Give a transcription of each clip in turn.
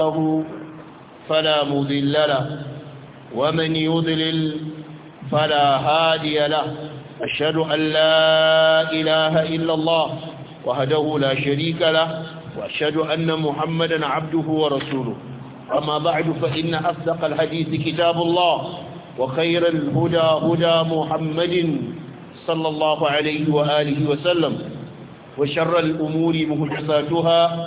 وحده فلا مذل له ومن يذلل فلا هادي له أشهد أن لا إله إلا الله وهده لا شريك له وأشهد أن محمدا عبده ورسوله أما بعد فإن أصدق الحديث كتاب الله وخير الهدى هدى محمد صلى الله عليه وآله وسلم وشر الأمور مهدساتها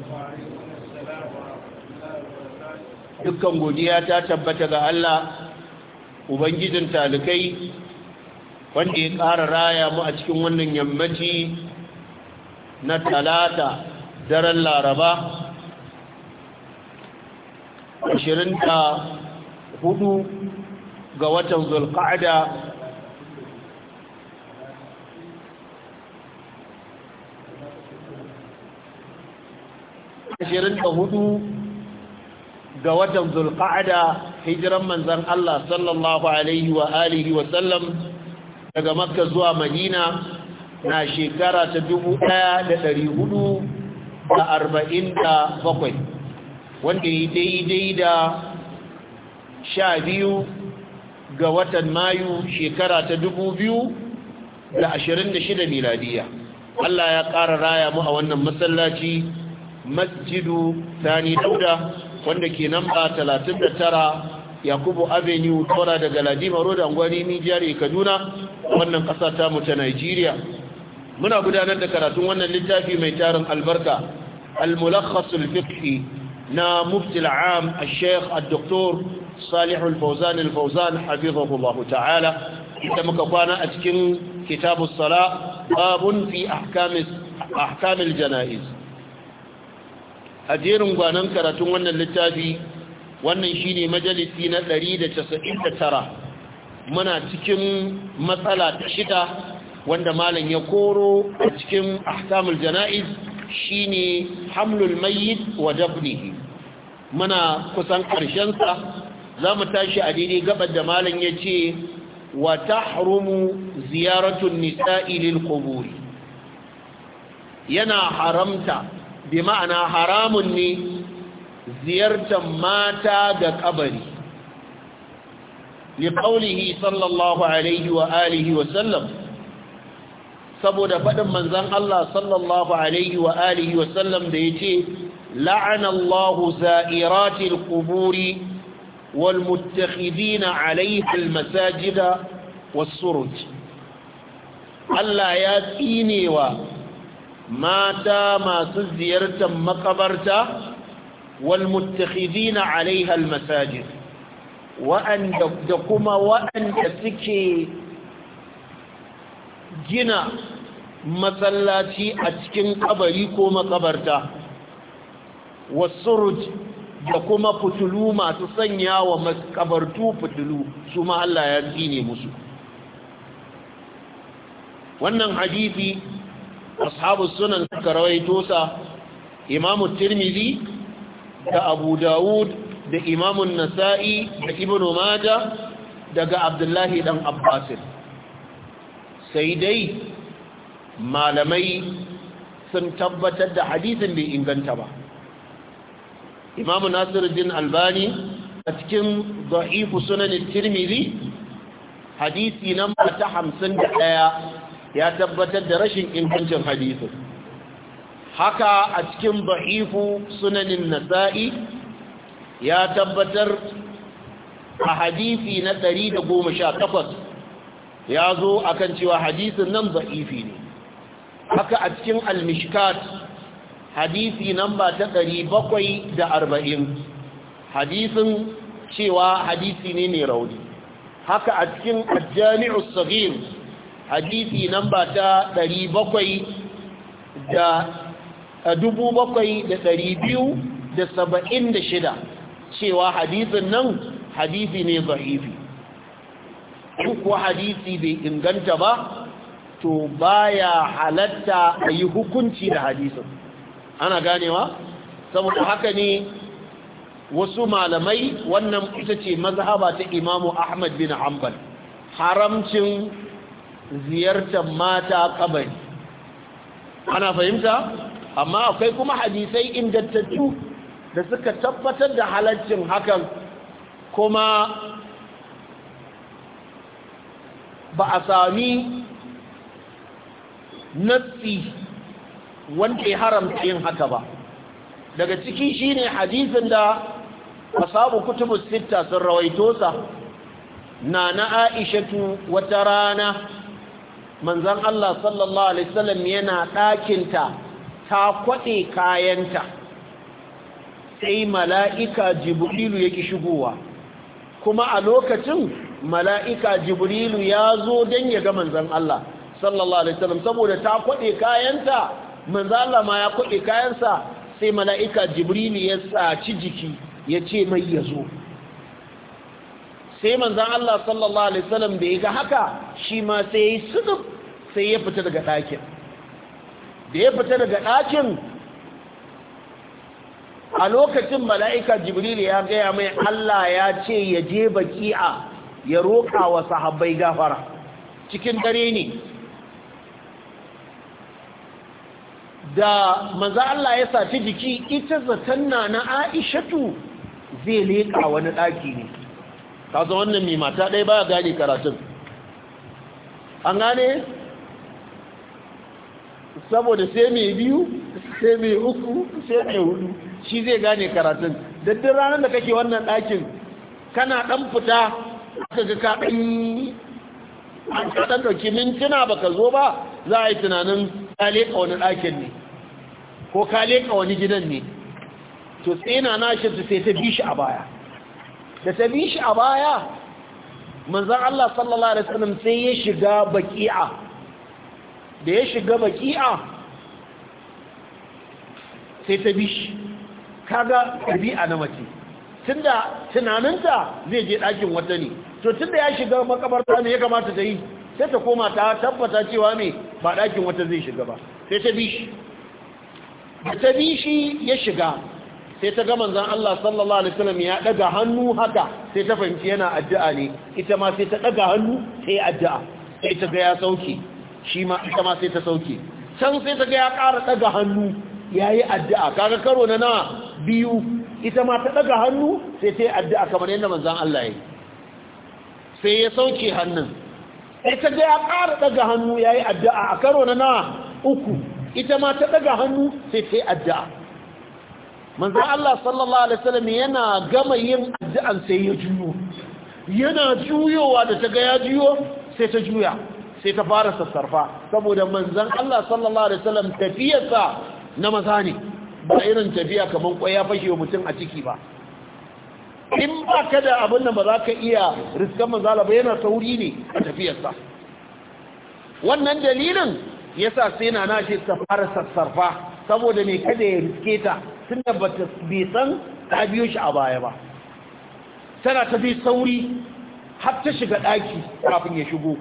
dukkan godiya ta tabbata ga Allah ubangijin talikai wanda ya ƙara raya mu a cikin wannan yammaci na talata daren laraba 24 ga watan zulqa'ada ashirin da hudu ga watan zulqa'ada hijiran manzon Allah sallallahu alaihi wa alihi daga makka zuwa madina na shekara ta 1447 wanda yi daidai da sha biyu ga watan mayu shekara ta dubu biyu da ashirin da shida miladiya Allah ya ƙara raya mu a wannan masallaci masjidu sani dauda wanda ke namba 39 yakubu avenue tora daga ladima road angwani nijiyar kaduna wannan ƙasa ta ta nigeria muna gudanar da karatun wannan littafi mai tarin albarka al-mulakhasul fiqhi na mufti al-am al-sheikh al-doktor salihu al-fawzan al-fawzan ta'ala da muka kwana a cikin kitabus sala babun fi ahkamis ahkamil janaiz a jerin gwanon karatun wannan littafi wannan shi ne majalisi na 199 muna cikin matsala ta shida wanda malam ya koro a cikin ahkamul jana'iz shi ne hamlul mayyit wa dafnihi muna kusan ƙarshensa sa mu tashi a daidai gabar da malam ya ce wa tahrumu ziyaratun nisa'i nisa'ilin quburi yana haramta bi ma'ana haramun ne ziyartar mata ga kabari liƙaunihi sallallahu alaihi wa alihi wa sallam saboda faɗin manzan Allah sallallahu alaihi wa alihi wa sallam da ya ce la'anallahu za'iratil kuburi wal muttakhidina alaihi almasajida was suruj Allah ya tsinewa mata masu ziyartar makabarta walmuttakhidina alaiha almasajid wa'anda da kuma wa'anda suke gina masallaci a cikin kabari ko makabarta wasuruj da kuma fitulu masu sanya wa makabartu fitulu su ma Allah ya tsine musu wannan hadisi ashabu sunan suka rawaito sa imamu tirmizi da abu dawud da imamu nasa'i da ibnu maja daga abdullahi dan abbasin sai dai malamai sun tabbatar da hadisin bai inganta ba imamu nasiruddin albani a cikin da'ifu sunanin tirmizi hadisi namba ta hamsin da ɗaya ya tabbatar da rashin ingancin hadisin haka a cikin ba'ifu sunanin nasa'i ya tabbatar a hadisi na 118 ya zo akan cewa hadisin nan ba'ifi ne haka a cikin almishkat hadisi hadisi ba ta 740 hadisin cewa hadisi ne ne rauni haka a cikin al-jami'us hadisi namba ta 700 da 7276 cewa hadisin nan hadisi ne zahifi ko hadisi bai inganta ba to baya halatta a yi hukunci da hadisin ana ganewa saboda haka ne wasu malamai wannan ita ce mazhaba ta imamu ahmad bin hanbal haramcin ziyartar mata kabari ana fahimta amma akwai kuma hadisai ingantattu da suka tabbatar da halaccin hakan kuma ba a sami nassi wanda ya haramta yin haka ba daga ciki shine hadisin da asabu kutubus sitta sun rawaito sa na na aishatu wata rana manzan Allah sallallahu Alaihi wasallam yana ɗakinta ta kwaɗe kayanta sai mala'ika jibrilu yake shigowa kuma a lokacin mala'ika jibrilu ya zo don ya ga manzan Allah sallallahu Alaihi wasallam saboda ta kwaɗe kayanta manzan Allah ma ya kwaɗe kayansa sai mala'ika jibrilu ya tsaci jiki ya ce mai ya zo sai manzan Allah sallallahu Alaihi wasallam da ya ga haka shi ma sai ya yi sudub sai ya fita daga ɗakin da ya fita daga ɗakin a lokacin mala'ika jibril ya gaya mai Allah ya ce ya je baki'a ya roƙa wa sahabbai gafara cikin dare ne da maza Allah ya sati jiki ita zaton na na aishatu zai leƙa wani ɗaki ne ta zo wannan mai mata ɗaya ba gane karatun an gane saboda sai mai biyu sai mai uku sai mai hudu shi zai gane karatun daddin ranar da kake wannan ɗakin kana ɗan fita ka ga ka an kaɗan ɗauki mintuna ba ka zo ba za a yi tunanin ka wani ɗakin ne ko ka wani gidan ne to tsina na shi sai ta bi shi a baya da ta bi shi a baya manzan Allah sallallahu Alaihi wasallam sai ya shiga baki'a da ya shiga baki'a sai ta bi shi kaga ɗabi'a na mace Tun da tunaninta zai je ɗakin wata ne to tunda ya shiga ta ne ya kamata ta yi sai ta koma ta tabbata cewa ne ba ɗakin wata zai shiga ba sai ta bi shi ta bi shi ya shiga sai ta ga zan Allah sallallahu alaihi wasallam ya daga hannu haka sai ta fahimci yana addu'a ne ita ma sai ta daga hannu sai addu'a sai ta ga ya sauke shi ma ita ma sai ta sauke can sai ta ga ya ƙara daga hannu ya yi addu'a kaga karo na na biyu ita ma ta daga hannu sai ta yi addu'a kamar yadda manzan Allah ya yi sai ya sauke hannun sai ta ga ya ƙara daga hannu ya yi addu'a a karo na na uku ita ma ta daga hannu sai ta yi addu'a manzan Allah sallallahu Alaihi wasallam yana gama yin addu'an sai ya juyo yana juyowa da ta ga ya juyo sai ta juya sai ta fara sassarfa saboda manzan Allah sallallahu Alaihi wasallam tafiyarsa na maza ne ba irin tafiya kamar ya fashe wa mutum a ciki ba in ba ka da abin da ba za ka iya riskan manzala ba yana sauri ne a tafiyarsa wannan dalilin ya sa sai na nashi ta fara sassarfa saboda mai kada ya riske ta tun da ba ta san ta biyo shi a baya ba tana ta fi sauri har ta shiga ɗaki kafin ya shigo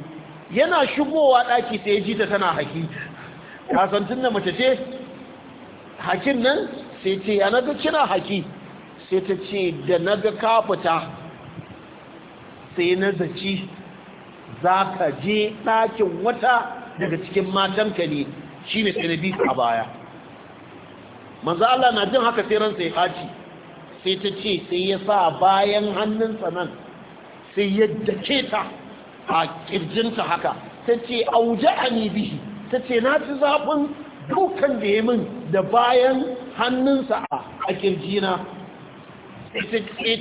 yana shigowa ɗaki sai ya ji ta tana haki kasantun da mace ce hakin nan sai ce ya naga kina haki sai ta ce da naga kafuta sai na zaci za ka je ɗakin wata daga cikin matanka ne shi ne sai na bi a baya manzo Allah na jin haka sai ransa ya haji sai ta ce sai ya sa bayan hannunsa nan sai ya dake ta a kirjinta haka ta ce a bihi ta ce na ci zafin dukan da ya min da bayan hannunsa a kirjina ya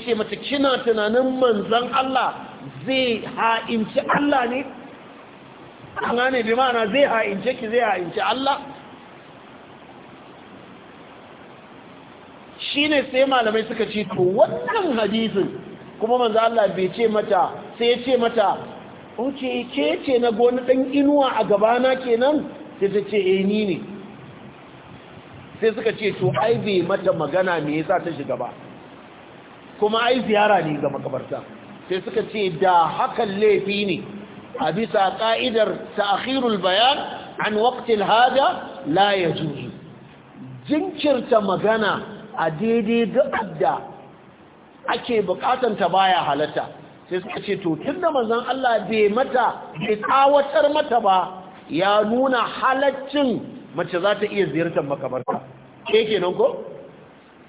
ce mata kina tunanin manzan Allah zai ha'inci Allah ne? an gane bi ma'ana zai ha'ince ki zai ha'inci Allah? shine sai malamai suka ce to wannan hadisin kuma manzo Allah bai ce mata sai ya ce mata uce ke ce na goni dan inuwa a gabana kenan sai ta ce eh ni ne sai suka ce to ai bai mata magana me yasa ta shiga ba kuma ai ziyara ne ga makabarta sai suka ce da hakan laifi ne a bisa ka'idar ta'khirul bayan an waqtil hada la yajuzu jinkirta magana a daidai gaɓar da ake ta baya halatta sai suka ce to tun da manzan Allah bai mata bai ƙawatar mata ba ya nuna halaccin mace za ta iya ziyartar makabarta ke kenan ko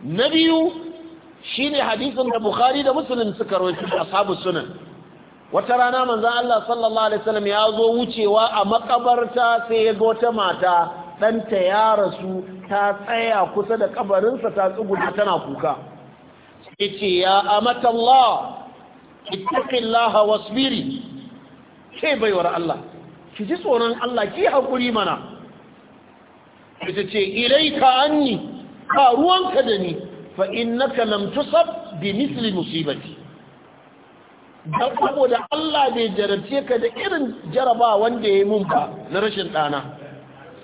na biyu shine hadisin da bukhari da muslim suka rawaito ashabu sunan wata rana manzan Allah sallallahu alaihi wasallam ya zo wucewa a makabarta sai ya ga wata mata ɗanta ya rasu ta tsaya kusa da kabarinsa ta tsuguna tana kuka sai ce ya amatallah ittaqillaha wasbiri sai baiwar Allah ki ji tsoron Allah ki hakuri mana ita ce ilaika anni ka ruwanka da ni fa innaka lam tusab bi misli musibati dan saboda Allah bai jarabce ka da irin jaraba wanda yayi mun ba na rashin dana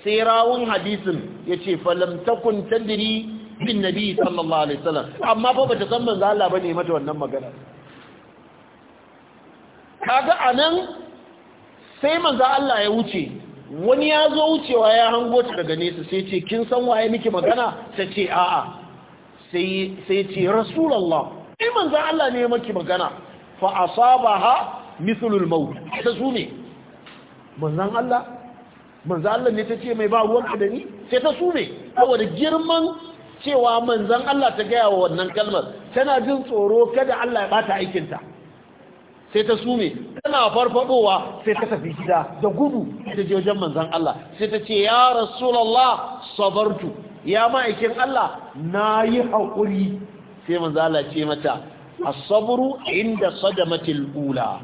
sai rawun hadisin ya ce falamtakun tadiri bin nabi sallallahu alaihi wasallam amma fa bata san banza Allah bane mata wannan magana kaga anan sai manzo Allah ya wuce wani ya zo wucewa ya hango ta daga nesa sai ce kin san waye miki magana ta ce a'a sai ce rasulallah sai manzo Allah ne maki magana fa asabaha mithlul maut ta su ne manzon Allah manzo Allah ne ta ce mai ba ruwan da ni sai ta sume saboda girman cewa manzon Allah ta gaya wa wannan kalmar tana jin tsoro kada Allah ya bata aikinta sai ta sume tana farfadowa sai ta tafi gida da gudu ta je wajen manzon Allah sai ta ce ya rasulullah sabartu ya ma'aikin Allah nayi haƙuri, sai manzo Allah ce mata as-sabru inda sadamatil ula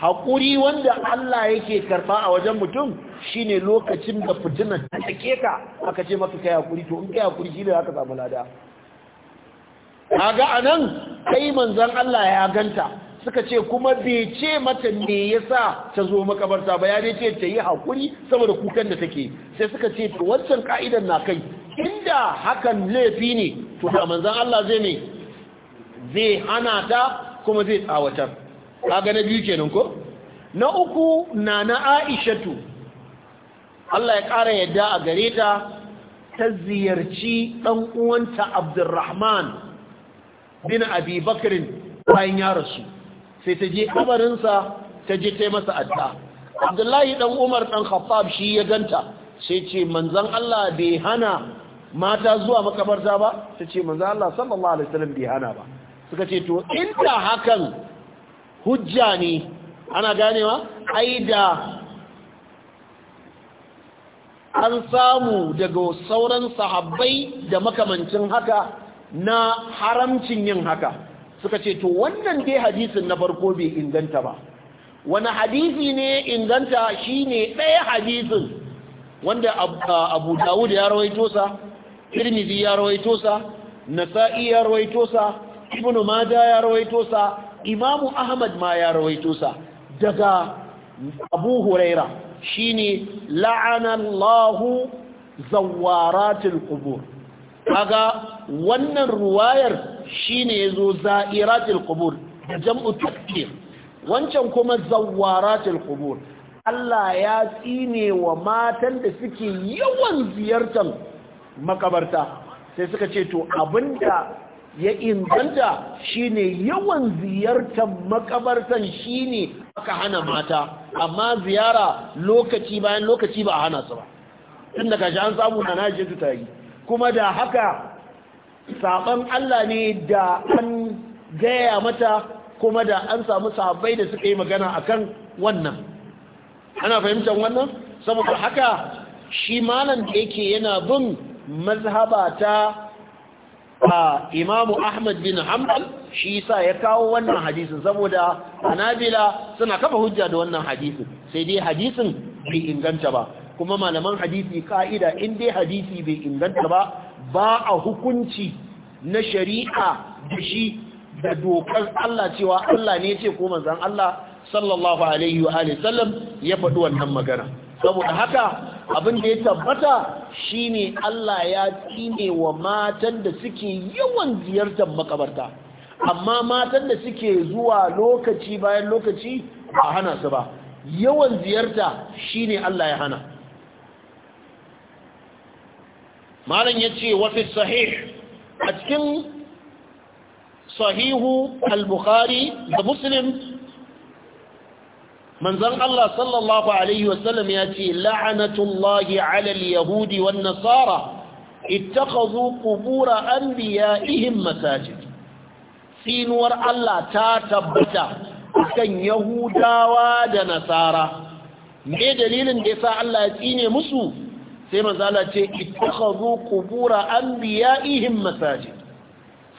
haƙuri wanda Allah yake karɓa a wajen mutum shine lokacin da fitinan ta take ka aka ce maka kai haƙuri to in kai haƙuri shi ne za ka samu lada kaga anan kai manzon Allah ya ganta suka ce kuma bai ce mata me yasa ta zo makabarta ba ya ce ta yi haƙuri saboda kukan da take sai suka ce to wancan ka'idan na kai inda hakan laifi ne to da manzon Allah zai ne zai hana ta kuma zai tsawatar kaga na biyu kenan ko na uku na na aishatu Allah ya ƙara yadda a gare ta ta ziyarci ɗan uwanta abdurrahman bin abi bakirin bayan ya rasu sai ta je kabarinsa ta je ta masa adda abdullahi ɗan umar ɗan khaffab shi ya ganta sai ce manzan Allah bai hana mata zuwa makabarta ba ta ce manzan Allah sallallahu alaihi wasallam bai hana ba suka ce to inda hakan hujja ne ana ganewa ai da an samu daga sauran sahabbai da makamancin haka na haramcin yin haka suka ce to wannan dai hadisin na farko bai inganta ba wani hadisi ne inganta shi ne ɗaya hadisin wanda abu dawud ya rawaito sa ya rawaito sa nasa'i ya rawaito sa ibn mada ya rawaito sa imamu ahmad ma ya rawaito sa daga abu huraira shine la'anallahu zawaratul qubur kaga wannan ruwayar shine yazo za'iratul qubur da jam'u takfir wancan kuma zawaratul qubur Allah ya tsine wa matan da suke yawan ziyartar makabarta sai suka ce to abinda ya inganta shine yawan ziyartar makabartan shine aka hana mata amma ziyara lokaci bayan lokaci ba a hana su ba tun kashi an samu na naji su ta yi kuma da haka saban Allah ne da an gaya mata kuma da an samu sabai da suka yi magana akan wannan ana fahimtar wannan saboda haka shi malam da yake yana bin mazhaba ta a imamu ahmad bin Hamdan shi sa ya kawo wannan hadisin saboda anabila suna kafa hujja da wannan hadisin sai dai hadisin bai inganta ba kuma malaman hadisi ka'ida in dai hadisi bai inganta ba ba a hukunci na shari'a da shi da dokar Allah cewa Allah ne ce ko manzon Allah sallallahu alaihi wa sallam ya faɗi wannan magana saboda haka abin da ya tabbata shine Allah ya tsine wa matan da suke yawan ziyartar makabarta amma matan da suke zuwa lokaci bayan lokaci ba hana su ba yawan ziyarta shine Allah ya hana malam yace wa fi sahih a cikin sahihu al-bukhari da muslim manzon Allah sallallahu alaihi wasallam ya ce la'anatullahi alal yahudi wan nasara ittakhadhu qubur anbiya'ihim masajid sinuwar Allah ta tabbata kan yahudawa da nasara me dalilin da yasa Allah ya tsine musu sai manzo Allah ce ittakhadhu qubur anbiya'ihim masajid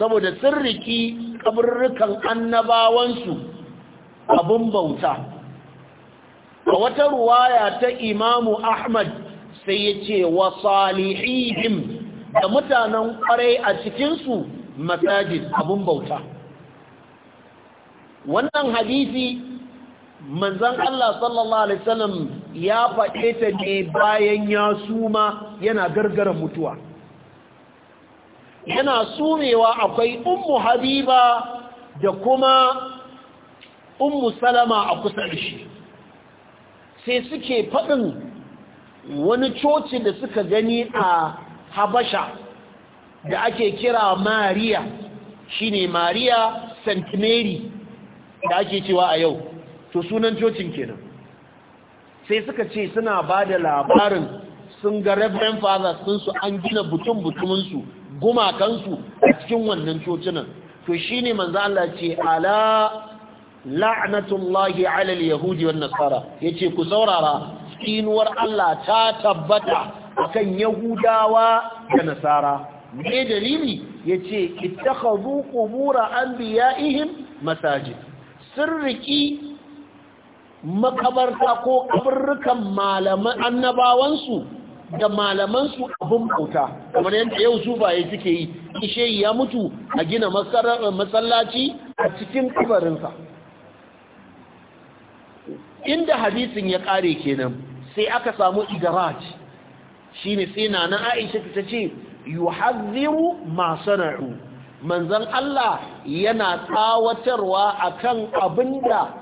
saboda sirriki kaburrukan annabawansu abun bauta a wata ruwaya ta imamu ahmad sai ya ce wa salihihim da mutanen kwarai a cikinsu masajid abun bauta wannan hadisi manzan Allah sallallahu Alaihi wasallam ya faɗe ta ne bayan ya suma yana gargara mutuwa yana sumewa akwai ummu habiba da kuma ummu salama a kusa da shi sai suke faɗin wani coci da suka gani a habasha da ake kira mariya shine mariya st mary da ake cewa a yau to sunan cocin kenan sai suka ce suna ba da labarin sun ga reverend fathers su an gina butun-butuminsu gumakansu a cikin wannan cocinan to shine manzo Allah ce ala la'natullahi ala al-yahudi wan nasara yace ku saurara tsinuwar Allah ta tabbata akan yahudawa da nasara me dalili yace ittakhadhu qubur anbiya'ihim masajid sirriki makabarta ko kaburrukan malaman annabawansu da malamansu abin bauta kamar yadda yau sufaye suke yi ishe ya mutu a gina masallaci a cikin kabarinsa inda hadisin ya kare kenan sai aka samu idraj shine sai nana Aisha ta ce yuhadhiru ma sana'u manzon Allah yana tsawatarwa akan abinda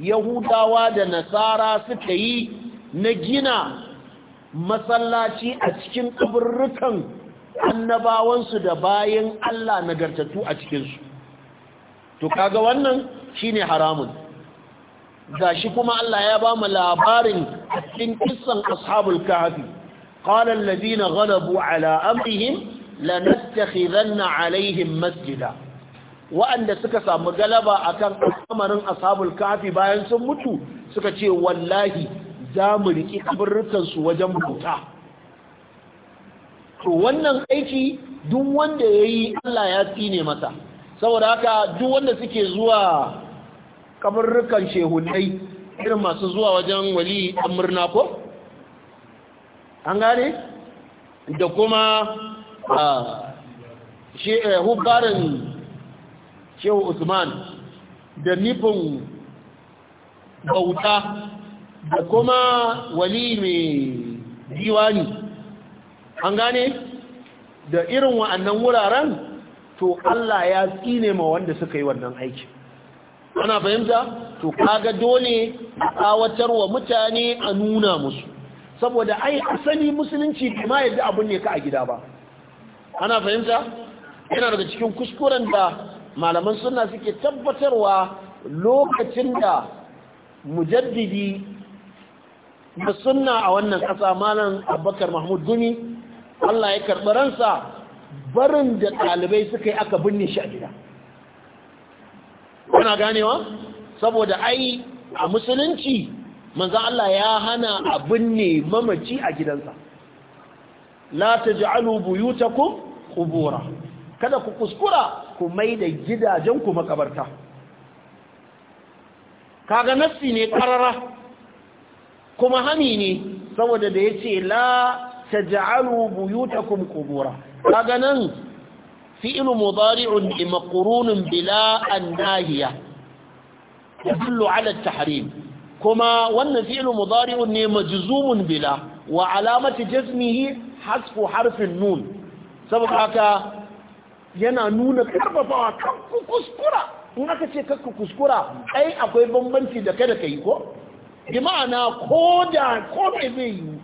Yahudawa da Nasara suka yi na gina masallaci a cikin kaburrukan annabawansu da bayan Allah nagartattu a cikinsu to kaga wannan shine haramun gashi kuma Allah ya ba mu labarin cikin kissan ashabul kahfi qala alladhina ghalabu ala amrihim lanattakhidanna alaihim masjida wa'anda suka samu galaba akan al'amarin ashabul kahfi bayan sun mutu suka ce wallahi za mu riki kaburrukan su wajen bauta to wannan aiki duk wanda yayi Allah ya tsine masa saboda haka duk wanda suke zuwa rukan shehunai irin masu zuwa wajen wali ɗan murna ko? an gane? da kuma eh, hubbarin shehu usman da nufin bauta da kuma wali mai diwani an gane? da irin wa'annan wuraren to Allah ya tsine ma wanda suka yi wannan aikin ana fahimta to kaga dole a wa mutane a nuna musu saboda ai asali musulunci kuma yadda abun ne ka a gida ba ana fahimta yana daga cikin kuskuren da malaman sunna suke tabbatarwa lokacin da mujaddidi da sunna a wannan ƙasa malam abubakar mahmud duni allah ya karɓi ransa barin da ɗalibai suka yi aka binne shi a gida kuna ganewa saboda ai a musulunci manzo Allah ya hana abin ne mamaci a gidansa la taj'alu buyutakum qubura kada ku kuskura ku mai da gidajen ku makabarta kaga nassi ne karara kuma hani ne saboda da yace la taj'alu buyutakum qubura kaga nan فعل مضارع لمقرون بلا الناهية يدل على التحريم كما وأن فعل مضارع مجزوم بلا وعلامة جزمه حذف حرف النون سبب هكا yana nuna karfafawa kan ku kuskura in aka ce kakku kuskura ai akwai bambanci da kada ka yi ko bi ma'ana ko da ko mai yi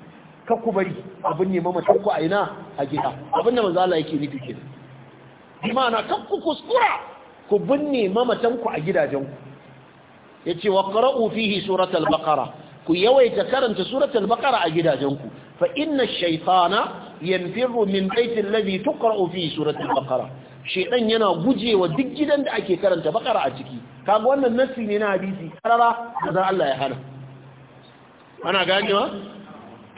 kakku bari abin a ina a gida abin da yake nufi bi ma'ana kan ku kuskura ku binne mamatanku a gidajenku ya ce wa ƙara'u fihi suratul ku yawaita karanta suratul baƙara a gidajenku fa inna shaytana yanfiru min baiti alladhi tuqra'u fihi suratul baƙara. shaytan yana gujewa duk gidan da ake karanta baƙara a ciki kaga wannan nasi ne na hadisi karara da Allah ya hana ana wa?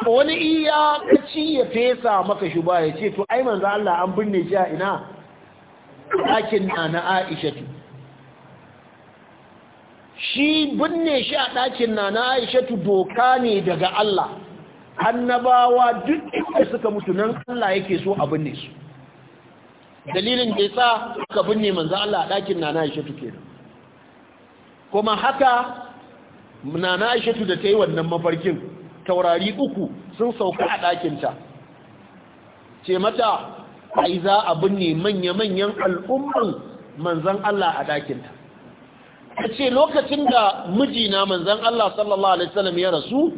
wani iya kaci ya fesa maka shuba ya ce to ai manzo Allah an binne shi a ina ɗakin na na aishatu shi binne shi a ɗakin na na aishatu doka ne daga Allah annabawa duk inda suka mutu nan Allah yake so a binne su dalilin da yasa suka binne manzo Allah a ɗakin na na aishatu kenan kuma haka na na aishatu da ta yi wannan mafarkin taurari uku sun sauka a ɗakinta ce mata ai za a binne manya-manyan al'umman manzan Allah a ɗakinta ta ce lokacin da mijina manzan Allah sallallahu Alaihi wasallam ya rasu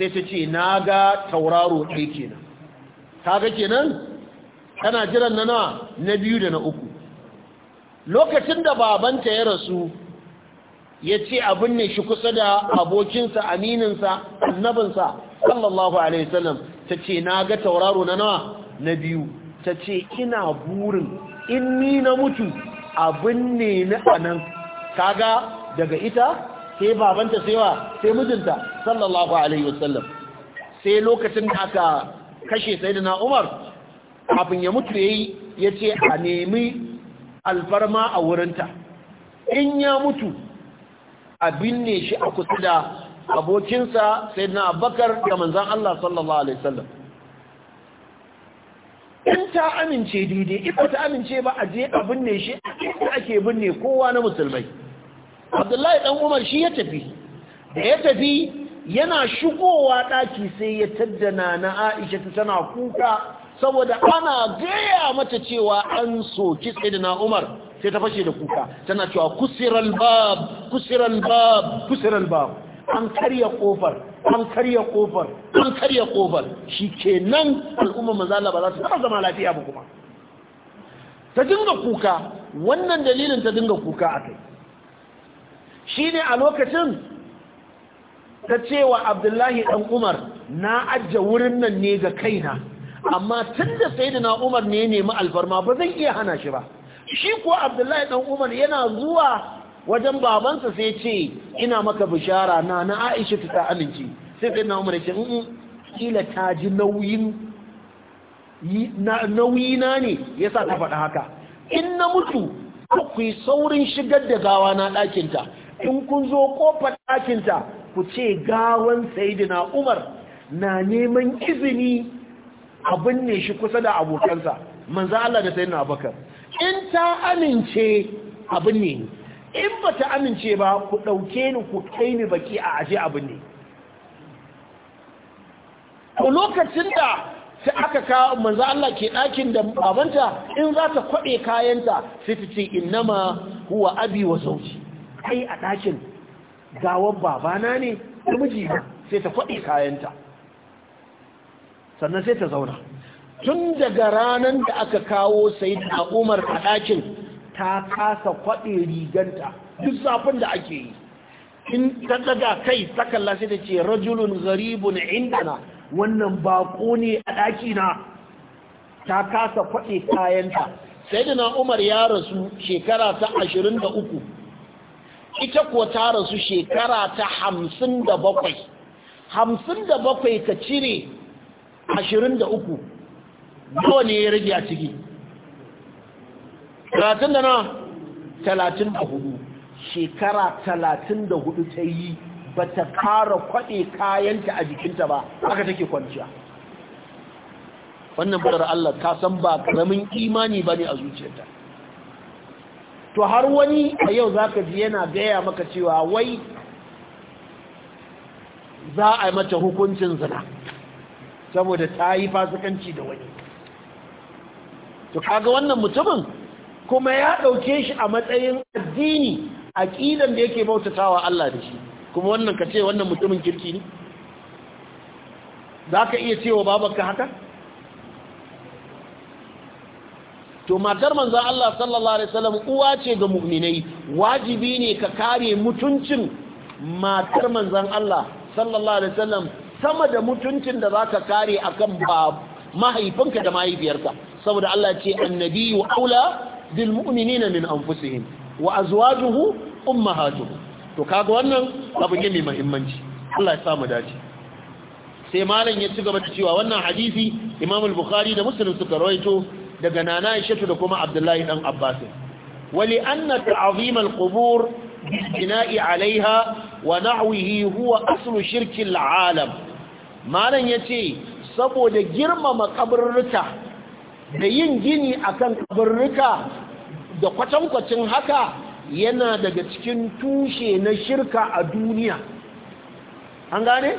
sai ta ce na ga tauraro ɗai kenan ta ga kenan tana jiran na na biyu da na uku lokacin da babanta ya rasu ya ce abin ne shi kusa da abokinsa amininsa annabinsa sallallahu alaihi wasallam ta ce na ga tauraro na nawa na biyu ta ce ina burin in ni na mutu abin ne na anan kaga daga ita sai babanta sai wa sai mijinta sallallahu alaihi wasallam sai lokacin da aka kashe sayyidina Umar abin ya mutu yayi yace a nemi alfarma a wurinta in ya mutu abin ne shi a kusa da abokinsa sayyidina Abubakar da manzon Allah sallallahu alaihi wasallam in ta amince daidai in ta amince ba a je a binne shi a ake binne kowa na musulmai abdullahi dan umar shi ya tafi da ya tafi yana shigowa daki sai ya taddana na aisha tana kuka saboda ana gaya mata cewa an soki sayyidina umar sai ta fashe da kuka tana cewa kusiral bab kusiral bab kusiral bab an karya kofar an karya kofar an karya kofar shi ke nan al'ummar manzala ba za su zama lafiya ba kuma ta dinga kuka wannan dalilin ta dinga kuka a kai shi ne a lokacin ta cewa abdullahi ɗan umar na ajiye wurin nan ne ga kaina amma tun da sai da na umar ne nemi alfarma ba zai iya hana shi ba shi kuwa abdullahi ɗan umar yana zuwa wajen babansa sai ce ina maka bishara na na Aisha ta amince sai sai na Umar ce in mm, mm, kila ta ji nauyi na ne yasa ta faɗa haka in na mutu ku yi saurin shigar da gawa na ɗakinta in kun zo kofar ɗakinta ku ce gawan na Umar na neman izini abin ne shi kusa da abokansa manza Allah da na abakar in ta amince abin ne in ba ta amince ba ku ɗauke ni ku kai ni baki a aje abu ne Ku lokacin da sai aka kawo manzo Allah ke ɗakin da babanta in za ta kwaɗe kayanta sai ta ce innama huwa abi wa zauji kai a ɗakin gawan babana ne da miji sai ta kwaɗe kayanta sannan sai ta zauna tun daga ranar da aka kawo sai da umar a ɗakin ta kasa kwaɗe riganta duk safin da ake yi in ta daga kai ta kalla sai ta ce rajulun garibun indana wannan baƙo ne a ɗakina ta kasa kwaɗe kayanta sai da na umar ya rasu shekara ta ashirin da uku ita ko ta rasu shekara ta hamsin da bakwai hamsin da bakwai ka cire ashirin da uku nawa ne ya rage a ciki talatin da na talatin da hudu shekara talatin da hudu ta yi ba ta kara kwaɗe kayanta a jikinta ba aka take kwanciya wannan budar Allah ta san ba karamin imani ba ne a zuciyarta to har wani a yau za ka ji yana gaya maka cewa wai za a yi mata hukuncin zina saboda ta yi fasikanci da wani to kaga wannan mutumin kuma ya ɗauke shi a matsayin addini a aƙidan da yake bautatawa Allah da shi kuma wannan ka ce wannan mutumin kirki ne za ka iya cewa babanka haka to matar manzan Allah sallallahu Alaihi wasallam uwa ce ga mu'minai wajibi ne ka kare mutuncin matar manzan Allah sallallahu Alaihi wasallam sama da mutuncin da za ka kare akan mahaifinka da mahaifiyarka saboda Allah ce annabi wa aula bil mu'minina min anfusihim wa azwajuhu ummahatuhum to kaga wannan abu ne mai muhimmanci Allah samu dace sai malam ya ci gaba da cewa wannan hadisi Imam al-Bukhari da Muslim suka rawaito daga Nana Aisha da kuma Abdullahi dan Abbas wali anna ta'zim al-qubur bina'i wa nahwihi huwa aslu shirki al Malam ya ce saboda girmama kaburruka da yin gini akan kabarruka da kwatankwacin haka yana daga cikin tushe na shirka a duniya an gane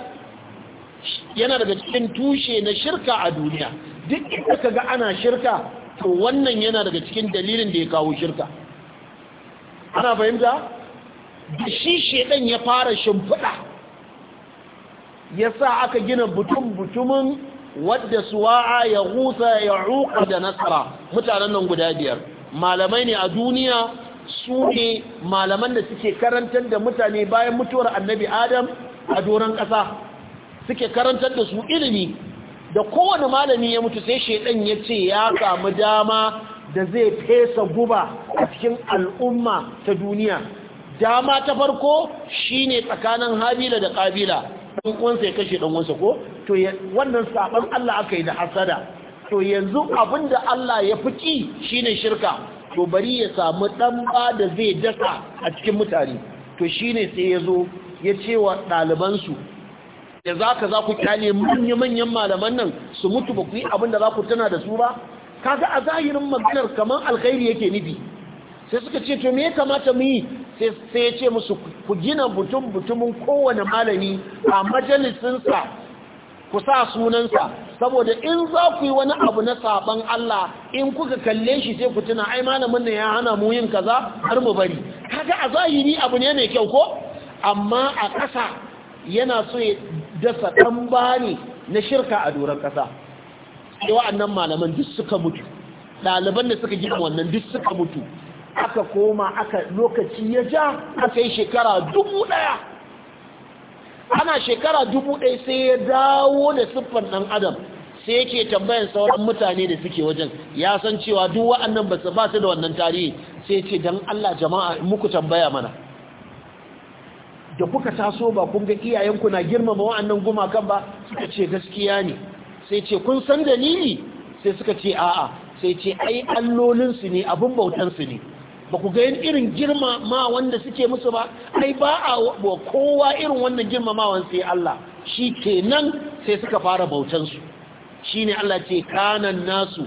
yana daga cikin tushe na shirka a duniya duk inda ka ga ana shirka to wannan yana daga cikin dalilin da ya kawo shirka ana fahimta da shi shedan ya fara shimfiɗa ya sa aka gina butun-butumin wadda suwa'a ya husa ya ruka da nasara mutanen nan guda biyar malamai ne a duniya su ne malaman da suke karantar da mutane bayan mutuwar annabi adam a doron ƙasa suke karantar da su ilimi da kowane malami ya mutu sai shaidan ya ce ya samu dama da zai fesa guba a cikin al'umma ta duniya dama ta farko shine tsakanin habila da kabila Ɗan uwansa ya kashe ɗan uwansa ko to wannan saban Allah aka yi da hasada to yanzu abin da Allah ya fi ƙi shine shirka to bari ya samu ɗan ba da zai dasa a cikin mutane to shine sai ya zo ya ce wa ɗalibansu da za ka za ku kyale manyan manyan malaman nan su mutu ba ku yi abin da za ku tana da su ba kaga a zahirin maganar kamar alkhairi yake nufi sai suka ce to me ya kamata mu yi sai ya ce musu ku gina butun butumin kowane malami a majalisinsa ku sa sunansa saboda in za ku yi wani abu na saban Allah in kuka kalle shi sai ku tuna ai malamin nan ya hana mu yin kaza har mu bari kaga a zahiri abu ne mai kyau ko amma a ƙasa yana so ya dasa dan bani na shirka a doron ƙasa sai wa'annan malaman duk suka mutu ɗaliban da suka gina wannan duk suka mutu aka koma aka lokaci ya ja aka yi shekara dubu ɗaya ana shekara dubu ɗaya sai ya dawo da siffar ɗan adam sai yake tambayan sauran mutane da suke wajen ya san cewa duk wa'annan ba su ba su da wannan tarihi sai ce don Allah jama'a muku tambaya mana da kuka taso ba kun ga iyayenku na girmama wa'annan gumakan ba suka ce gaskiya ne sai ce kun san dalili sai suka ce a'a sai ce ai allolinsu ne abin bautansu ne ba ku ga irin girma ma wanda suke musu ba ai ba a wa kowa irin wannan girmamawan sai Allah shi kenan sai suka fara bautansu shi ne Allah ce kanan nasu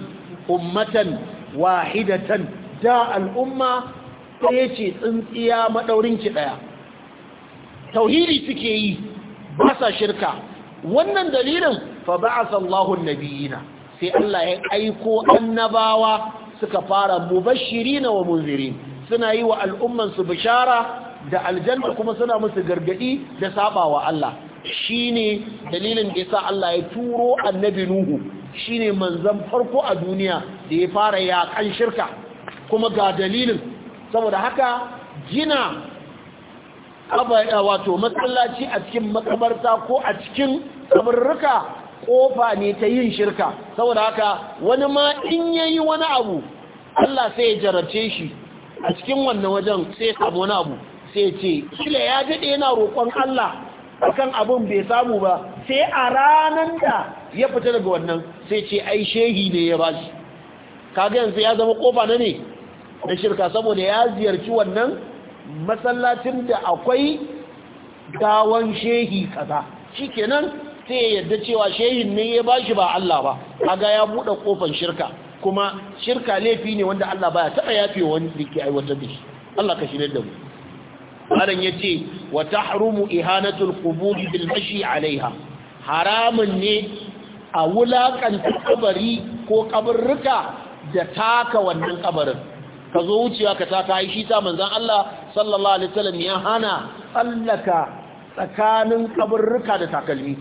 ummatan wahidatan da al'umma ɗaya ce tsintsiya maɗaurinki ɗaya tauhiri suke yi ba sa shirka wannan dalilin fa ba'asa nabiyina sai Allah ya aiko annabawa suka fara mubashirina wa munziri. suna yi wa al'umman su bishara da aljanna kuma suna musu gargadi da sabawa Allah shine dalilin da yasa Allah ya turo annabi Nuhu shine manzon farko a duniya da ya fara yakan shirka kuma ga dalilin saboda haka gina wato matsalaci a cikin makabarta ko a cikin kabarruka kofa ne ta yin shirka saboda haka wani ma in yayi wani abu Allah sai ya jarabce shi a cikin wannan wajen sai ya samu wani abu sai ce kila ya dade yana roƙon Allah akan abun bai samu ba sai a ranan da ya fita daga wannan sai ce ai shehi ne ya bashi kaga yanzu ya zama kofa na ne da shirka saboda ya ziyarci wannan masallacin da akwai gawan shehi kaza shikenan sai yadda cewa shehin ne ya bashi ba Allah ba aga ya bude kofan shirka kuma shirka laifi ne wanda Allah baya taba yafe wanda yake aiwatar da shi Allah ka shirye da mu malam yace wa harumu ihanatul kuburi bil mashi alaiha haramun ne a wulakanta kabari ko kaburruka da taka wannan kabarin ka zo wucewa ka taka shi ta manzon Allah sallallahu alaihi wasallam ya hana tsallaka tsakanin kaburruka da takalmi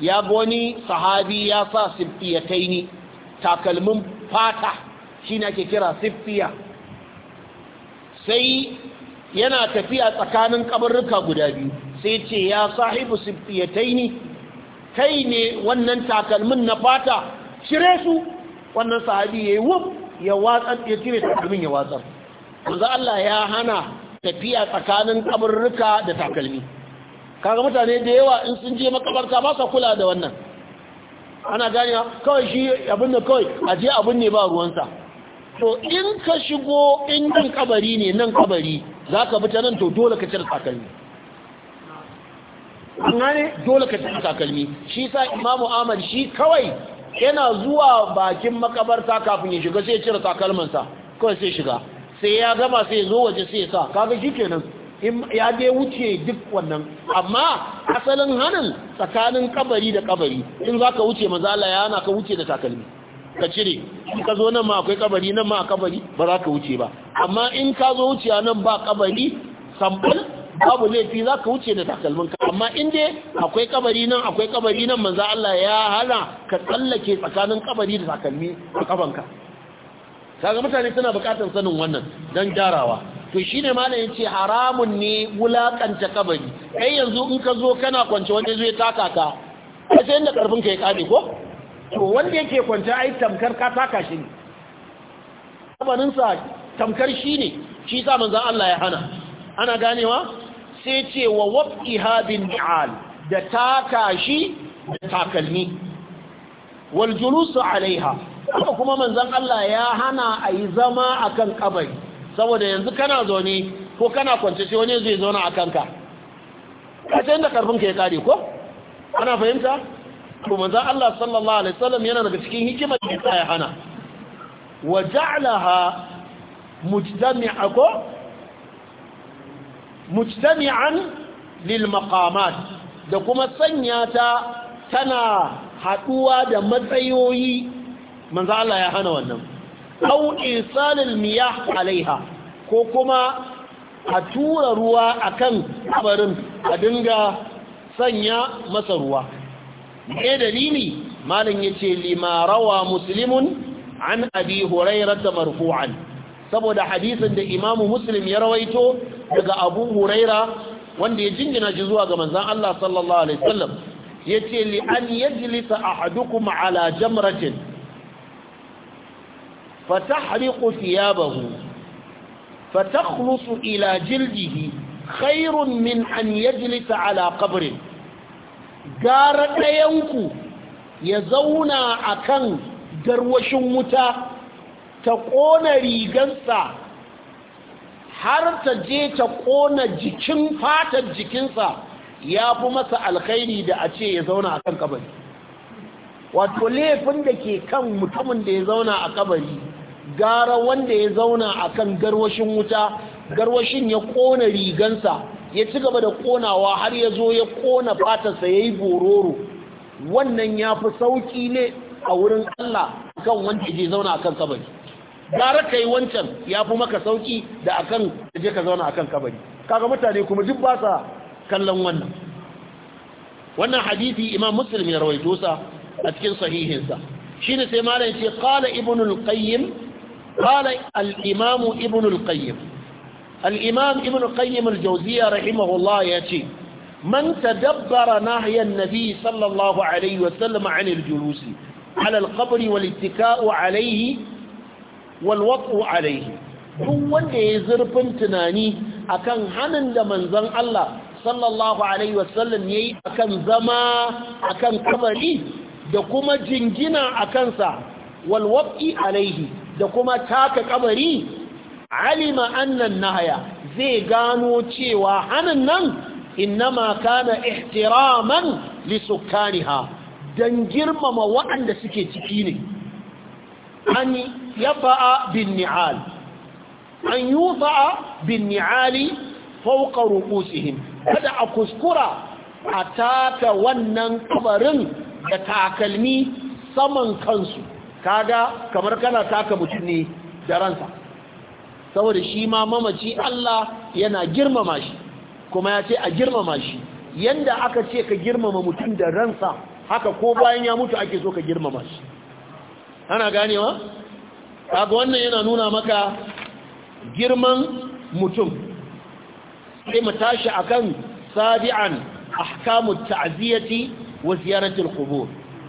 ya goni sahabi ya sa yi ne takalmin fata shi na ke kira siffiya sai yana tafiya tsakanin kabarruka guda biyu sai ce ya sahibu siffiyatai ne kai ne wannan takalmin na fata shire su wannan sahabi ya yi wuf ya watsar ya cire takalmin ya watsar. Allah ya hana tafiya tsakanin kabarruka da takalmi kaga mutane da yawa in sun je makabarta ba sa kula da wannan ana ganewa kawai shi abin da kawai a je abin ne ba ruwansa to in ka shigo in nan kabari ne nan kabari za ka bi ta nan to dole ka cire takalmi an dole ka cire takalmi shi sa imamu ahmad shi kawai yana zuwa bakin makabarta kafin ya shiga sai ya cire takalmansa kawai sai shiga sai ya gama sai ya zo waje sai ya sa kaga shi kenan ya dai wuce duk wannan amma asalin hannun tsakanin kabari da kabari in za ka wuce mazala ya na ka wuce da takalmi ka cire in ka zo nan ma akwai kabari nan ma kabari ba za ka wuce ba amma in ka zo wuce nan ba kabari sambal babu laifi za ka wuce da takalmin ka amma in dai akwai kabari nan akwai kabari nan manzo Allah ya hana ka tsallake tsakanin kabari da takalmi a kafanka kaga mutane suna bukatar sanin wannan dan gyarawa to shine malam ce haramun ne wulakanta kabari Ai yanzu in ka zo kana kwance wanda zai taka ka sai inda karfin ka ya kade ko to wanda yake kwance ai tamkar ka taka shi ne kabarin tamkar shi ne shi sa manzon Allah ya hana ana ganewa sai ce wa waqiha bin ni'al da taka shi da takalmi wal julusu alaiha haka kuma manzon Allah ya hana ayi zama akan kabari saboda yanzu kana zaune ko kana kwance shi wani zai zauna a kanka kashin da karfin ka ya kare ko ana fahimta to manzo Allah sallallahu alaihi wasallam yana daga cikin hikimar da ya hana wa ja'alaha mujtami'a ko mujtami'an lil maqamat da kuma sanya ta tana haduwa da matsayoyi manzo Allah ya hana wannan au isalil miyah alaiha ko kuma a tura ruwa akan kabarin a dinga sanya masa ruwa me dalili malin yace lima rawa muslimun an abi hurairata marfu'an saboda hadisin da imam muslim ya rawaito daga abu huraira wanda ya jingina shi zuwa ga manzon Allah sallallahu alaihi wasallam yace li an yajlisa ahadukum ala jamratin فتحرق ثيابه فتخلص إلى جلده خير من أن يجلس على قبره قارة ينكو يزونا أكن دروش متى تقون ريقنسا har ta je ta فات jikin fatan jikinsa ya fi masa alkhairi da a ce ya zauna a kan kabari wato laifin da ke kan mutumin da ya zauna a kabari gara wanda ya zauna a kan garwashin wuta garwashin ya kona rigansa ya ci gaba da konawa har ya zo ya kona fatarsa ya yi bororo wannan ya fi sauƙi ne a wurin Allah kan wanda ya zauna a kan kabari gara ka yi wancan ya fi maka sauƙi da akan je ka zauna a kan kabari kaga mutane kuma duk ba sa kallon wannan wannan hadisi imam muslim ya rawaito sa a cikin sahihinsa shine sai malam ce qala ibnul qayyim قال الإمام ابن القيم الإمام ابن القيم الجوزية رحمه الله يأتي من تدبر نهي النبي صلى الله عليه وسلم عن الجلوس على القبر والاتكاء عليه والوطء عليه هو يزرب تناني أكن حنن لمنزل الله صلى الله عليه وسلم يي أكن زما أكن قبري دكما جنجنا أكنسا والوطء عليه da kuma taka kabari alima annan nahaya zai gano cewa hannun nan innama kana ihtiraman li sukkaniha dan girmama waɗanda suke ciki ne an yafa'a bin ni'al an yufa'a bin ni'ali fawqa ru'usihim kada a kuskura a taka wannan kabarin da takalmi saman kansu kaga kamar kana taka mutum ne da ransa saboda shi ma mamaci Allah yana girmama shi kuma ya ce a girmama shi yanda aka ce ka girmama mutum da ransa haka ko bayan ya mutu ake so ka girmama shi ana ganewa kaga wannan yana nuna maka girman mutum sai mu tashi akan sabi'an ahkamut ta'ziyati wa ziyaratul qubur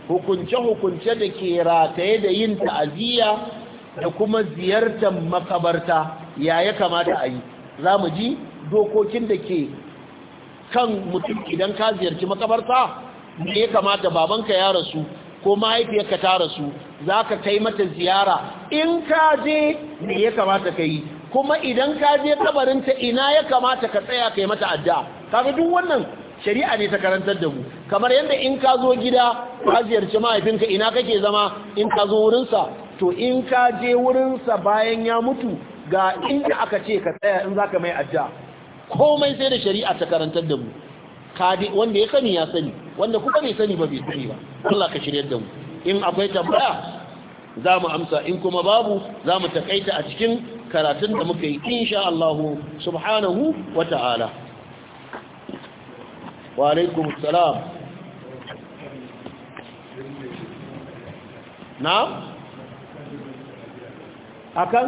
hukunce-hukunce da ke rataye da yin ta'aziyya da kuma ziyartar makabarta ya ya kamata a yi za mu ji dokokin da ke kan mutum idan ka ziyarci makabarta ne ya kamata babanka ya rasu ko mahaifiyarka ta rasu za ka kai mata ziyara in ka je ne ya kamata ka yi kuma idan ka je kabarinta ina ya kamata ka tsaya ka yi mata addu'a kaga duk wannan shari'a ne ta karantar da mu kamar yadda in ka zo gida ka ziyarci mahaifinka ina kake zama in ka zo wurinsa to in ka je wurinsa bayan ya mutu ga inda aka ce ka tsaya in zaka mai adda komai sai da shari'a ta karantar da mu wanda ya sani ya sani wanda kuka ne sani ba bai sani ba Allah ka shirya da mu in akwai tambaya za mu amsa in kuma babu za mu takaita a cikin karatun da muka yi insha Allah subhanahu wa ta'ala wa alaikum salam na akan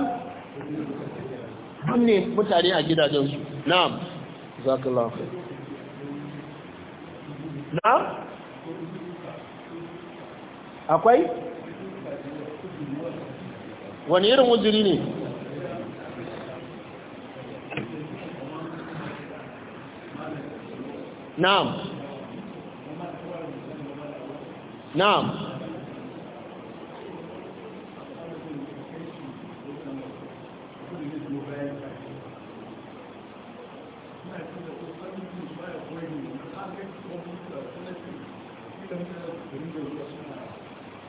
kunne mutane a gidajensu na'am zakallahu khair na'am akwai wani irin wujiri ne na'am na'am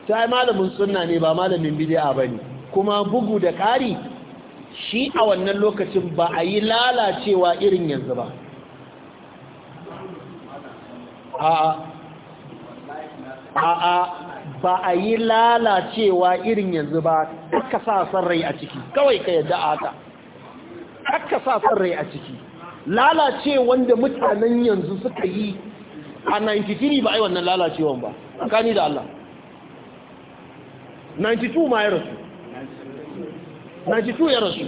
ta yi malamin sunna ne ba malamin bidiya ba ne kuma bugu da ƙari shi a wannan lokacin ba a yi lalacewa irin yanzu ba a'a ba a yi lalacewa irin yanzu ba aka sa san rai a ciki kawai ka yadda aka aka sa san rai a ciki lalace wanda mutanen yanzu suka yi a 93 ba a yi wannan lalacewan ba kani da Allah 92 ma ya rasu 92 ya rasu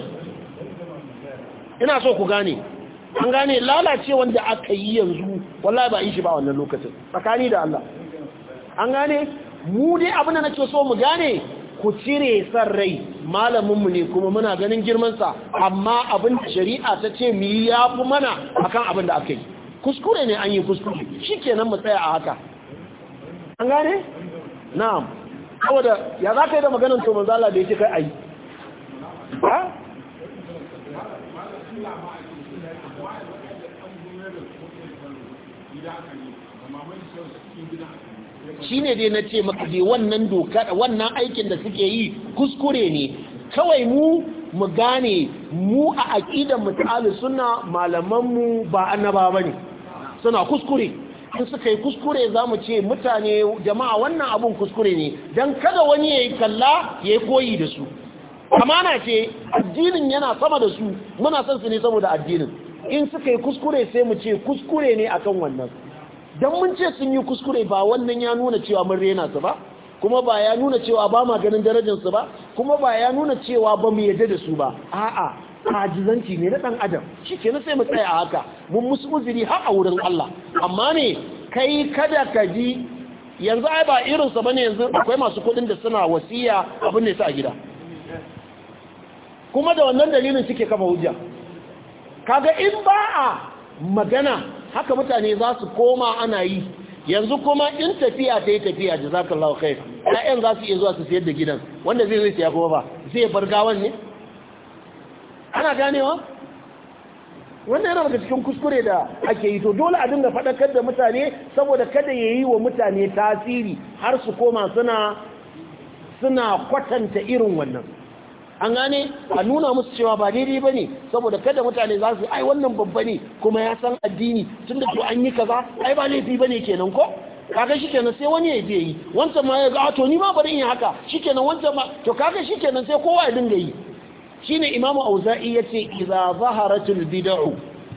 ina so ku gane an gane lalace wanda aka yi yanzu wallahi ba yi shi ba wannan lokacin tsakani da Allah an gane mu dai abin da nake so mu gane ku cire san rai malamin mu ne kuma muna ganin girmansa amma abin da shari'a ta ce mu ya fi mana akan abin da aka yi kuskure ne an yi kuskure shi kenan mu tsaya a haka an gane? na'am saboda ya za ka yi da maganin to manzala da ya ce kai a ha? Shi ne dai na ce maka dai wannan doka wannan aikin da suke yi kuskure ne kawai mu mu gane mu a aqidar mu suna sunna malaman mu ba annaba bane suna kuskure in suka yi kuskure za mu ce mutane jama'a wannan abun kuskure ne dan kada wani ya yi kalla yayi koyi da su amana ce addinin yana sama da su muna son su ne saboda addinin in suka yi kuskure sai mu ce kuskure ne akan wannan don mun ce sun yi kuskure ba wannan ya nuna cewa mun rena su ba kuma ba ya nuna cewa ba ma ganin su ba kuma ba ya nuna cewa ba mu yadda da su ba a'a kajizanci ne na dan adam shi ke sai mu tsaya a haka mun musu uzuri har a wurin Allah amma ne kai kada ka ji yanzu ai ba sa bane yanzu akwai masu kuɗin da suna wasiya abin ne su a gida kuma da wannan dalilin suke kama hujja kaga in ba a magana haka mutane za su koma ana yi yanzu kuma in tafiya ta yi tafiya da za ka jazakallahu khair ƴaƴan za su iya zuwa su siyar da gidan wanda zai zai siya kuma ba zai bar gawan ne ana ganewa wanda yana daga cikin kuskure da ake yi to dole a dinga faɗakar da mutane saboda kada ya yi wa mutane tasiri har su koma suna kwatanta irin wannan an gane a nuna musu cewa ba daidai ba ne saboda kada mutane za su ai wannan babba ne kuma ya san addini tun da to an yi kaza ai ba laifi ba ne kenan ko kaga shikenan sai wani ya je yi wancan ma ya ga ah, to ni ma bari in yi haka shikenan wancan ma to kaga shikenan sai kowa ya dinga yi shine imamu auza'i yace idza zaharatul bid'u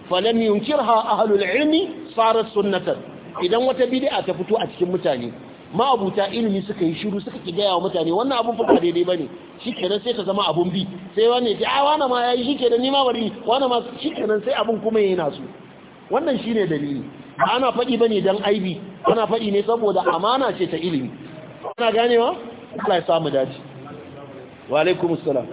falam yunkirha ahlul ilmi sarat sunnatan idan wata bid'a ta fito a cikin mutane ma'abuta ilimi suka yi shiru suka ki gaya wa mutane wannan abun fa ba daidai bane shikenan sai ka zama abun bi sai wani ya ce a wani ma yayi shikenan ni ma bari wani ma shikenan sai abun kuma yayi nasu wannan shine dalili ba ana faɗi bane dan aibi ana faɗi ne saboda amana ce ta ilimi kana ganewa Allah ya samu dace wa alaikumus salam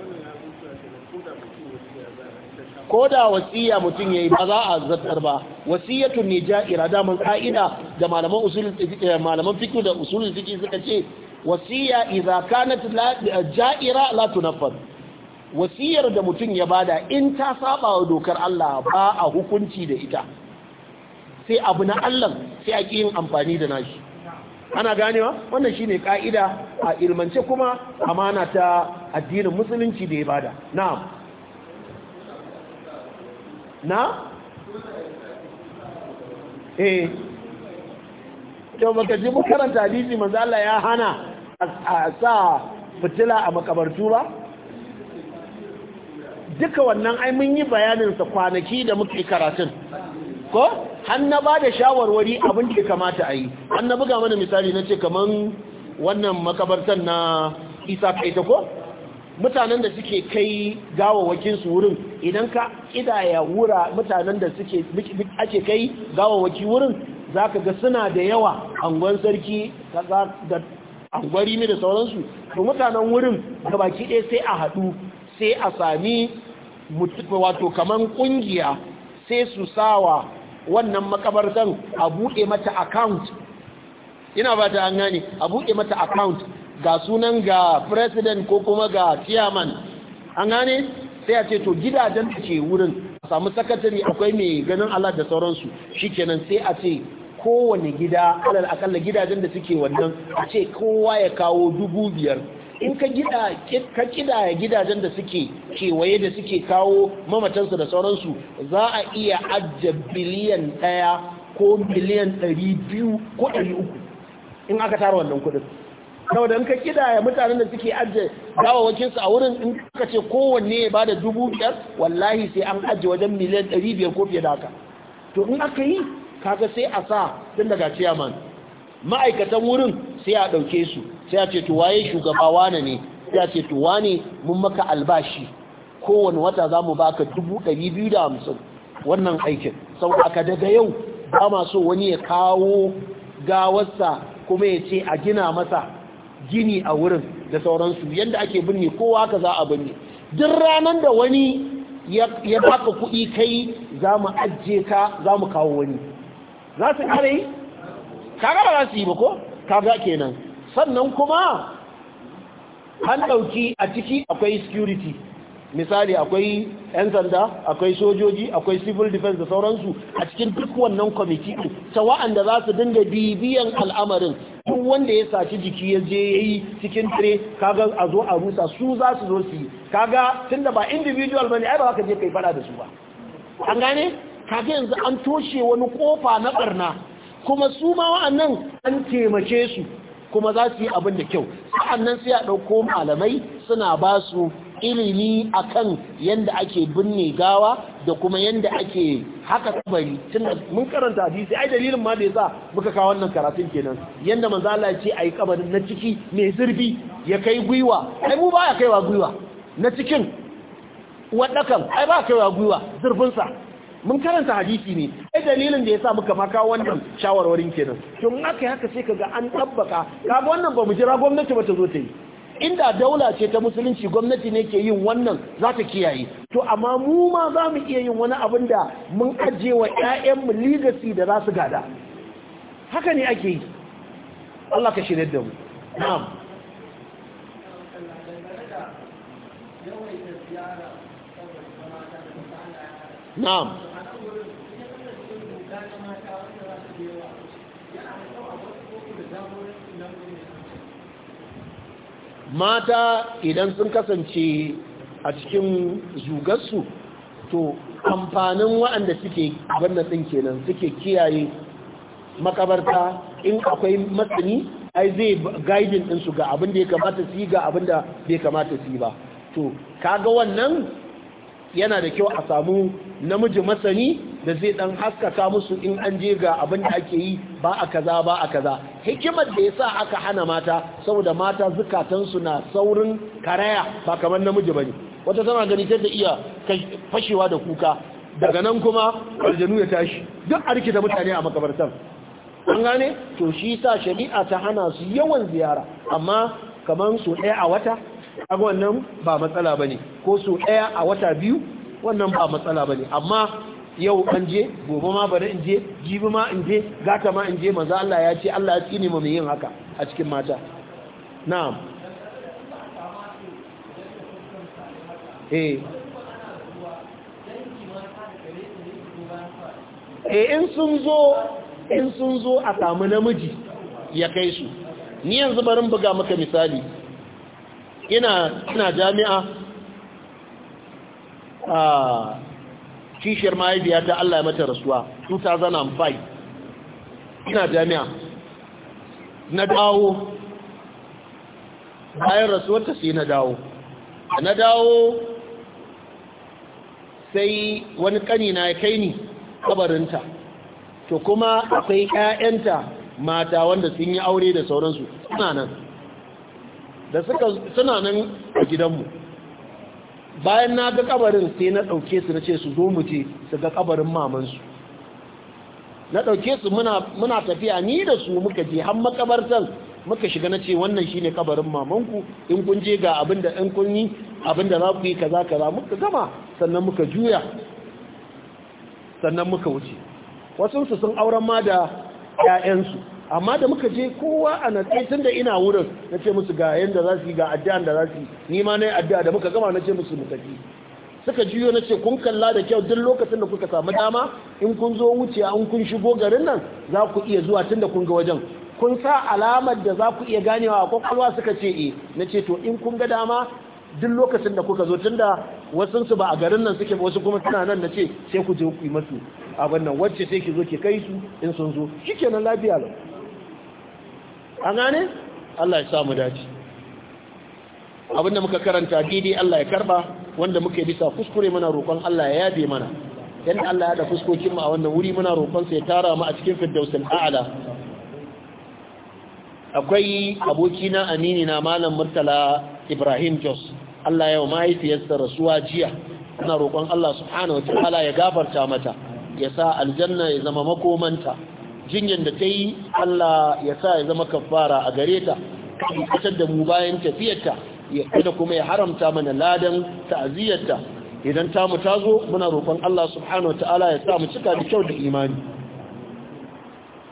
ko da wasiya mutum ya yi ba za a zartar ba wasiyatun ne ja'ira da mun ka'ida da malaman fikir eh, da usulun fiqh suka ce wasiya idza kanat ja'ira la tunaffad wasiyar da mutum ya bada in ta saba wa dokar Allah ba a hukunci da ita sai abu na Allah sai a yin amfani da nashi ana ganewa wannan shine ka'ida a ilmance kuma amana ta addinin musulunci da ya bada na'am na? eh yau baka ji mu karanta hadisi manzo ya hana a sa fitila a makabartu ba duka wannan ai mun yi bayanin sa kwanaki da muke karatun ko har na ba da shawarwari abin da kamata a yi an na buga mana misali na ce kaman wannan makabartan na isa kaita ko mutanen da suke kai su wurin idan ka kidaya wura mutanen da suke ake kai gawawaki wurin za ka ga suna da yawa angon sarki da angwari ne da sauransu to mutanen wurin da baki ɗaya sai a haɗu sai a sami wato kaman ƙungiya sai su sawa wannan makabartan a buɗe mata account ina ba ta an gane a buɗe mata account ga sunan ga president ko kuma ga chairman an gane sai a ce to gidajen da ke wurin a samu sakatari akwai mai ganin Allah da sauransu kenan sai a ce kowane gida alal akalla gidajen da suke wannan a ce kowa ya kawo dubu biyar in ka gida ka kidaya gidajen da suke kewaye da suke kawo mamatansu da sauransu za a iya ajja biliyan ɗaya ko biliyan ɗari biyu ko ɗari uku in aka tara wannan kuɗin saboda in ka kidaya mutanen da suke ajiye gawawakin su a wurin in ka ce kowanne ya bada dubu biyar wallahi sai an ajiye wajen miliyan ɗari biyar ko fiye da haka to in aka yi kaga sai a sa tun daga ciyaman ma'aikatan wurin sai a ɗauke su sai a ce to waye shugaba wane ne sai a ce to wane mun maka albashi kowane wata za mu baka dubu ɗari biyu da hamsin wannan aikin sau aka daga yau ba ma so wani ya kawo gawarsa kuma ya ce a gina masa gini a wurin da sauransu yadda ake binne kowa ka za a binne duk ranar da wani ya baka kuɗi kai za mu ajiye ka za mu kawo wani za su kare yi? kaga ba za su yi ba ko? kaga kenan sannan kuma an ɗauki a ciki akwai security misali akwai 'yan sanda akwai sojoji akwai civil defense da sauransu a cikin duk wannan kwamiti ta wa'anda za su dinga bibiyan al'amarin duk wanda ya saci jiki ya je yayi cikin tire kaga a zo a rusa su za su zo su yi kaga tunda ba individual bane ai ba ka je kai fada da su ba an gane kaga yanzu an toshe wani kofa na barna kuma su ma wa'annan an taimake su kuma za su yi abin da kyau sa'annan sai a dauko malamai suna ba su ilimi a kan yadda ake binne gawa da kuma yadda ake haka tun da mun karanta hadisi ai dalilin ma da yasa muka kawo wannan karatun kenan Yadda Manzala ce a yi kabarin na ciki mai zurfi ya kai gwiwa ai mu ba ya kaiwa gwiwa na cikin waɗakan. ai ba kaiwa gwiwa zurfinsa mun karanta hadisi ne ai dalilin da yasa muka ma kawo wannan shawarwarin kenan to in aka yi haka sai kaga an tabbaka kaga wannan ba mu jira gwamnati ba ta zo ta yi inda daula ce ta musulunci gwamnati ne ke yin wannan za ta kiyaye to amma mu ma za mu iya yin wani abin da mun ajiye wa mu legacy da za su gada haka ne ake yi Allah ka shirya da mu na'am na'am mata idan sun kasance a cikin zugarsu to amfanin waɗanda suke wannan ɗin kenan suke kiyaye makabarta in akwai matsani ai zai gaidin ɗinsu ga abin da ya kamata su yi ga abin da bai kamata su yi ba to kaga wannan yana da kyau a samu namiji masani da zai dan haskaka musu in an je ga abin da ake yi ba a kaza ba a kaza hikimar da yasa aka hana mata saboda mata zukatansu na saurin karaya ba kamar namiji bane wata tana gani ta iya fashewa da kuka daga nan kuma aljanu ya tashi duk a rikita mutane a makabartar an gane to shi sa shari'a ta hana su yawan ziyara amma kamar su ɗaya a wata wannan ba matsala bane ko su ɗaya a wata biyu wannan ba matsala bane amma yau an je gobe ma bari in je jibi ma in je gata ma in je maza Allah ya ce Allah ya tsini mu mai yin haka a cikin mata na'am eh eh in sun zo in sun zo a samu namiji ya kai su ni yanzu barin buga maka misali ina ina jami'a ah. kishiyar mahaifiya ta Allah ya mata rasuwa 2005 ina jami'a na dawo bayan rasuwarta sai na dawo na dawo sai wani ƙanina ya kai ni kabarinta to kuma akwai 'ya'yanta mata wanda sun yi aure da sauransu suna nan da suka suna nan a gidanmu bayan na ga kabarin sai na ɗauke su na ce su zo mu ce su ga kabarin mamansu na ɗauke su muna tafiya ni da su muka je har makabartan muka shiga na ce wannan shine kabarin mamanku in kun je ga abin da in kun yi abin da za ku yi kaza kaza muka gama sannan muka juya sannan muka wuce wasu sun auren ma da 'ya'yansu amma da muka je kowa a natse tun da ina wurin na ce musu ga yadda za su yi ga addu'an da za su yi ni ma na yi addu'a da muka gama na ce musu mu suka juyo na ce kun kalla da kyau duk lokacin da kuka samu dama in kun zo wuce in kun shigo garin nan za ku iya zuwa tun da kun ga wajen kun sa alamar da za ku iya ganewa a kwakwalwa suka ce e na ce to in kun ga dama duk lokacin da kuka zo tun da wasansu ba a garin nan suke wasu kuma suna nan na ce sai ku je ku yi masu abin nan wacce sai ki zo ki kai su in sun zo shi kenan lafiya lau an gane Allah ya samu daji abinda muka karanta daidai Allah ya karba wanda muka bisa kuskure muna roƙon Allah ya yabe mana yan Allah ya da fuskokin mu a wannan wuri muna roƙon sa ya tara mu a cikin firdausul a'la akwai abokina amini na malam murtala Ibrahim Jos Allah ya mahaifiyarsa rasuwa jiya ana roƙon Allah subhanahu wa ta'ala ya gafarta mata ya sa aljanna ya zama makomanta jinyar da ta yi Allah ya sa ya zama kafara a gare ta kan fitar da mu bayan tafiyarta ya kada kuma ya haramta mana ladan ta'aziyarta idan ta mu tazo muna roƙon Allah subhanahu wataala ya sa mu cika da kyau da imani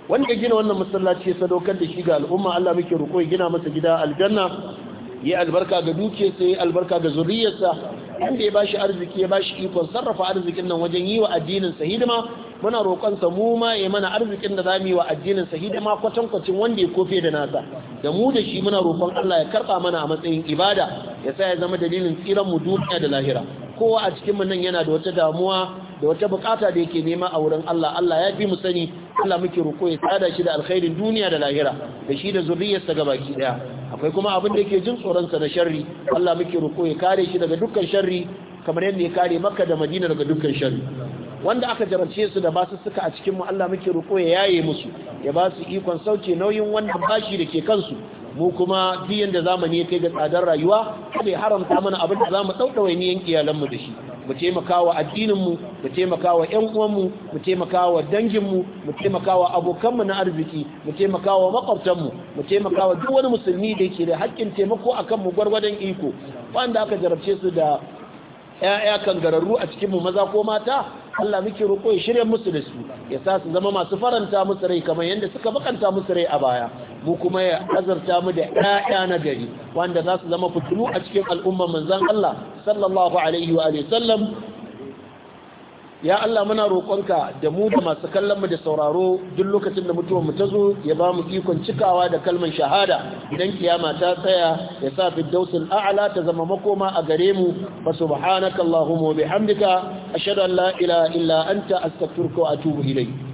wanda gina wannan masallaci ya sadaukar da shi ga al'umma Allah muke roƙo ya gina masa gida aljanna ya albarka ga duke, ya albarka ga zuriyarsa inda ya bashi arziki ya bashi ikon sarrafa arzikin nan wajen yi wa addinin sa hidima muna roƙonsa mu ma ya mana arzikin da zamu yi wa addinin sa hidima ma kwatankwacin wanda ya kofe da nasa da mu da shi muna roƙon Allah ya karba mana a matsayin ibada ya sa ya zama dalilin tsiran mu duniya da lahira kowa a cikin mu nan yana da wata damuwa da wata bukata da yake nema a wurin Allah Allah ya fi mu sani Allah muke roƙo ya tsada shi da alkhairin duniya da lahira da shi da zuriyarsa gabaki daya akwai kuma abin da yake jin tsoronsa na sharri Allah muke roƙo ya kare shi daga dukkan sharri kamar yadda ya kare Makka da Madina daga dukkan sharri wanda aka jarance su da basu suka a cikin mu Allah muke roƙo ya yaye musu ya ba su ikon sauke nauyin wannan bashi da ke kansu mu kuma biyan da zamani ya kai ga tsadar rayuwa kada ya haramta mana abin da zamu daudawa iyalan mu da shi mu taimakawa addinin mu taimakawa ƴan uwanmu mu taimakawa danginmu mu taimakawa abokanmu na arziki mu taimakawa makwabtan mu mu taimakawa duk wani musulmi da yake da haƙƙin taimako akan mu gwargwadon iko wanda aka jarabce su da ‘ya'ya kangararru a cikin mu maza ko mata Allah muke roƙo ya shirya musu da su ya sa su zama masu faranta musu rai kamar yadda suka bakanta musu rai a baya mu kuma ya azarta mu da ƴaƴa na gari wanda za su zama fitilu a cikin al'ummar manzon Allah sallallahu alaihi wa sallam ya Allah muna roƙonka da mu da masu kallon mu da sauraro duk lokacin da mutuwar mu ta zo ya ba mu ikon cikawa da kalman shahada idan kiyama ta tsaya ya sa firdausul a'la ta zama makoma a gare mu fa subhanaka allahumma wa bihamdika ashhadu an la ilaha illa anta astaghfiruka wa atubu ilayk